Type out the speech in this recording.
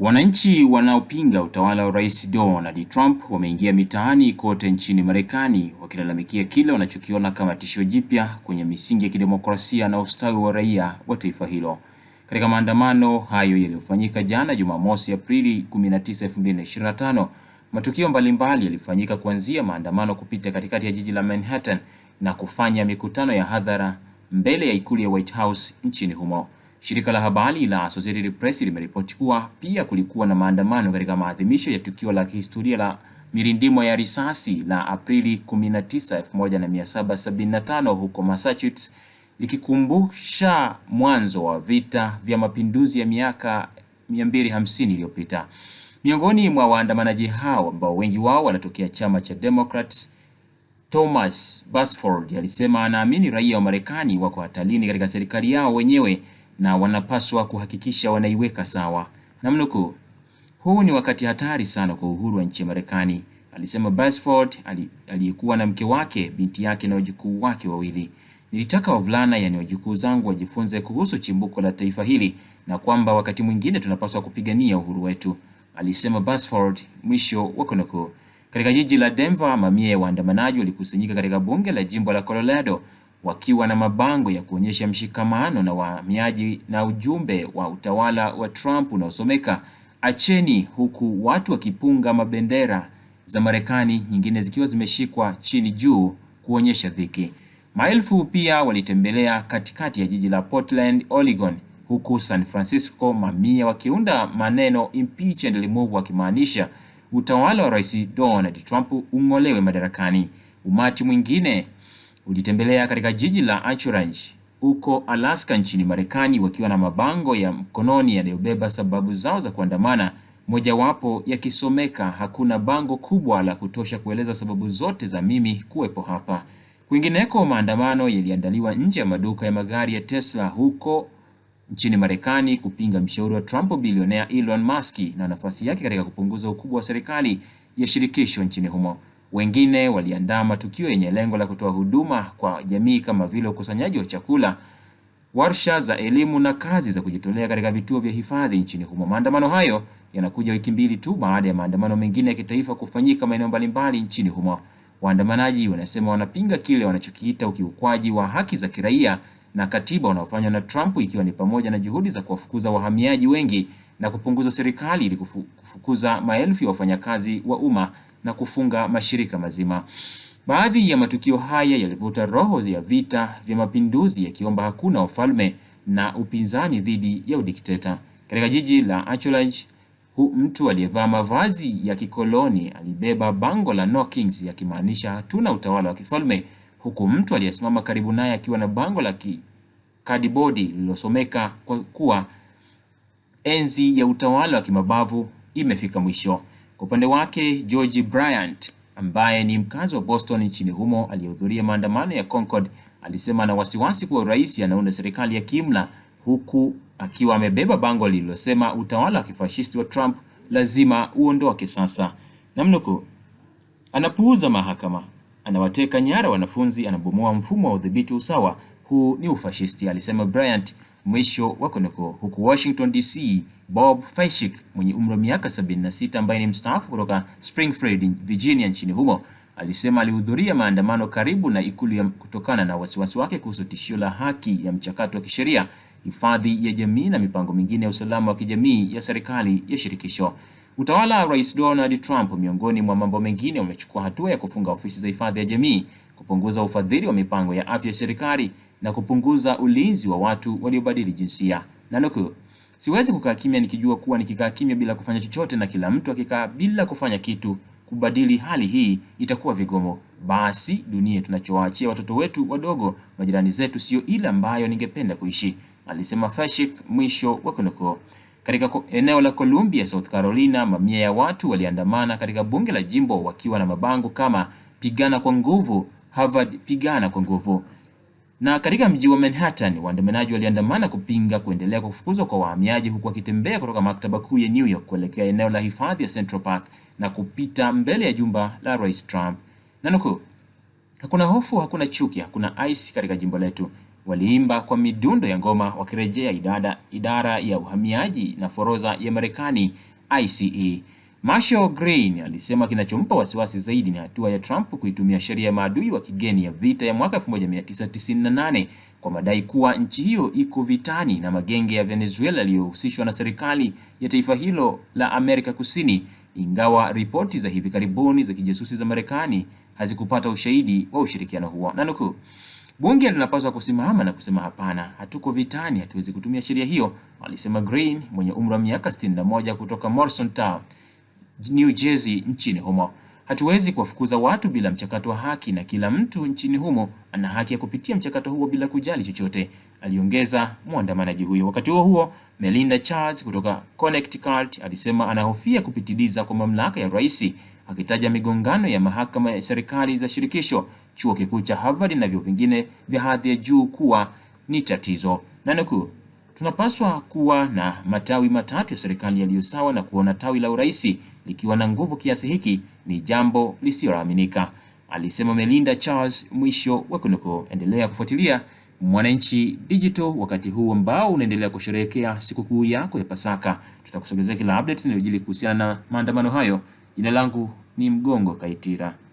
Wananchi wanaopinga utawala wa Rais Donald Trump wameingia mitaani kote nchini Marekani wakilalamikia kile wanachokiona kama tishio jipya kwenye misingi ya kidemokrasia na ustawi wa raia wa taifa hilo. Katika maandamano hayo yaliyofanyika jana Jumamosi, Aprili 19, 2025, matukio mbalimbali yalifanyika kuanzia maandamano kupita katikati ya jiji la Manhattan na kufanya mikutano ya hadhara mbele ya ikulu ya White House nchini humo. Shirika la habari la Associated Press limeripoti kuwa pia kulikuwa na maandamano katika maadhimisho ya tukio la kihistoria la mirindimo ya risasi la Aprili 19, 1775 huko Massachusetts, likikumbusha mwanzo wa vita vya mapinduzi ya miaka 250 iliyopita. Miongoni mwa waandamanaji hao ambao wengi wao wanatokea chama cha Democrats, Thomas Basford alisema anaamini raia wa Marekani wako hatarini katika serikali yao wenyewe na wanapaswa kuhakikisha wanaiweka sawa. Namnukuu, huu ni wakati hatari sana kwa uhuru wa nchi ya Marekani, alisema Basford aliyekuwa na mke wake, binti yake na wajukuu wake wawili. Nilitaka wavulana, yani wajukuu zangu, wajifunze kuhusu chimbuko la taifa hili na kwamba wakati mwingine tunapaswa kupigania uhuru wetu, alisema Basford, mwisho wa kunukuu. Katika jiji la Denver, mamia ya waandamanaji walikusanyika katika bunge la jimbo la Colorado wakiwa na mabango ya kuonyesha mshikamano na wahamiaji na ujumbe wa utawala wa Trump unaosomeka acheni, huku watu wakipunga mabendera za Marekani, nyingine zikiwa zimeshikwa chini juu kuonyesha dhiki. Maelfu pia walitembelea katikati ya jiji la Portland, Oregon, huku San Francisco, mamia wakiunda maneno impeach and remove, wakimaanisha utawala wa Rais Donald Trump ung'olewe madarakani. Umati mwingine ulitembelea katika jiji la Anchorage huko Alaska nchini Marekani wakiwa na mabango ya mkononi yanayobeba sababu zao za kuandamana, mojawapo yakisomeka hakuna bango kubwa la kutosha kueleza sababu zote za mimi kuwepo hapa. Kwingineko, maandamano yaliandaliwa nje ya maduka ya magari ya Tesla huko nchini Marekani kupinga mshauri wa Trump bilionea Elon Musk na nafasi yake katika kupunguza ukubwa wa serikali ya shirikisho nchini humo. Wengine waliandaa matukio yenye lengo la kutoa huduma kwa jamii kama vile ukusanyaji wa chakula, warsha za elimu na kazi za kujitolea katika vituo vya hifadhi nchini humo. Maandamano hayo yanakuja wiki mbili tu baada ya maandamano mengine ya kitaifa kufanyika maeneo mbalimbali nchini humo. Waandamanaji wanasema wanapinga kile wanachokiita ukiukwaji wa haki za kiraia na katiba unaofanywa na Trump ikiwa ni pamoja na juhudi za kuwafukuza wahamiaji wengi na kupunguza serikali ili kufukuza maelfu ya wafanyakazi wa umma na kufunga mashirika mazima. Baadhi ya matukio haya yalivuta roho ya vita vya mapinduzi yakiomba hakuna ufalme na upinzani dhidi ya udikteta. Katika jiji la Anchorage, mtu aliyevaa mavazi ya kikoloni alibeba bango la No Kings yakimaanisha hatuna utawala wa kifalme, huku mtu aliyesimama karibu naye akiwa na bango la kadibodi lililosomeka kwa kuwa enzi ya utawala wa kimabavu imefika mwisho. Kwa upande wake, George Bryant ambaye ni mkazi wa Boston nchini humo aliyehudhuria maandamano ya Concord alisema ana wasiwasi kuwa rais anaunda serikali ya kiimla huku akiwa amebeba bango lililosema utawala wa kifashisti wa Trump lazima uondoke sasa. Namnuku, anapuuza mahakama, anawateka nyara wanafunzi, anabomoa mfumo wa udhibiti usawa. Huu ni ufashisti, alisema Bryant. Mwisho wa koneko Huku Washington DC, Bob Fishik mwenye umri wa miaka 76 ambaye ni mstaafu kutoka Springfield, Virginia nchini humo alisema alihudhuria maandamano karibu na ikulu kutokana na wasiwasi wake kuhusu tishio la haki ya mchakato wa kisheria, hifadhi ya jamii na mipango mingine ya usalama wa kijamii ya serikali ya shirikisho. Utawala wa Rais Donald Trump, miongoni mwa mambo mengine, umechukua hatua ya kufunga ofisi za hifadhi ya jamii kupunguza ufadhili wa mipango ya afya ya serikali na kupunguza ulinzi wa watu waliobadili jinsia. Nanukuu, siwezi kukaa kimya nikijua kuwa nikikaa kimya bila kufanya chochote na kila mtu akikaa bila kufanya kitu kubadili hali hii itakuwa vigomo. Basi dunia tunachowaachia watoto wetu wadogo, majirani zetu, sio ile ambayo ningependa kuishi, alisema Fashik. Mwisho wa kunuku. Katika eneo la Columbia, South Carolina, mamia ya watu waliandamana katika bunge la jimbo wakiwa na mabango kama pigana kwa nguvu Harvard pigana kwa nguvu. Na katika mji wa Manhattan, waandamanaji waliandamana kupinga kuendelea kufukuzwa kwa wahamiaji huku wakitembea kutoka maktaba kuu ya New York kuelekea eneo la hifadhi ya Central Park na kupita mbele ya jumba la Rais Trump. nuku, hakuna hofu, hakuna chuki, hakuna ice katika jimbo letu, waliimba kwa midundo ya ngoma wakirejea idara ya uhamiaji na forodha ya Marekani ICE. Marshall Green alisema kinachompa wasiwasi zaidi ni hatua ya Trump kuitumia sheria ya maadui wa kigeni ya vita ya mwaka 1998 kwa madai kuwa nchi hiyo iko vitani na magenge ya Venezuela yaliyohusishwa na serikali ya taifa hilo la Amerika Kusini, ingawa ripoti za hivi karibuni za kijasusi za Marekani hazikupata ushahidi wa ushirikiano huo. Nanukuu, bunge linapaswa kusimama na kusema hapana, hatuko vitani, hatuwezi kutumia sheria hiyo, alisema Green mwenye umri wa miaka 61 kutoka Town. New Jersey nchini humo. Hatuwezi kuwafukuza watu bila mchakato wa haki na kila mtu nchini humo ana haki ya kupitia mchakato huo bila kujali chochote, aliongeza mwandamanaji huyo. Wakati huo huo, Melinda Charles kutoka Connecticut alisema anahofia kupitiliza kwa mamlaka ya rais, akitaja migongano ya mahakama ya serikali za shirikisho, chuo kikuu cha Harvard na vyuo vingine vya hadhi ya juu kuwa ni tatizo. Nanukuu, Tunapaswa kuwa na matawi matatu ya serikali yaliyo sawa na kuona tawi la urais likiwa na nguvu kiasi hiki ni jambo lisiyoaminika, alisema Melinda Charles. Mwisho wa kunukuu. Endelea kufuatilia Mwananchi Digital wakati huu ambao unaendelea kusherehekea sikukuu yako ya Pasaka. Tutakusogezea kila update inayojili kuhusiana na maandamano hayo. Jina langu ni Mgongo Kaitira.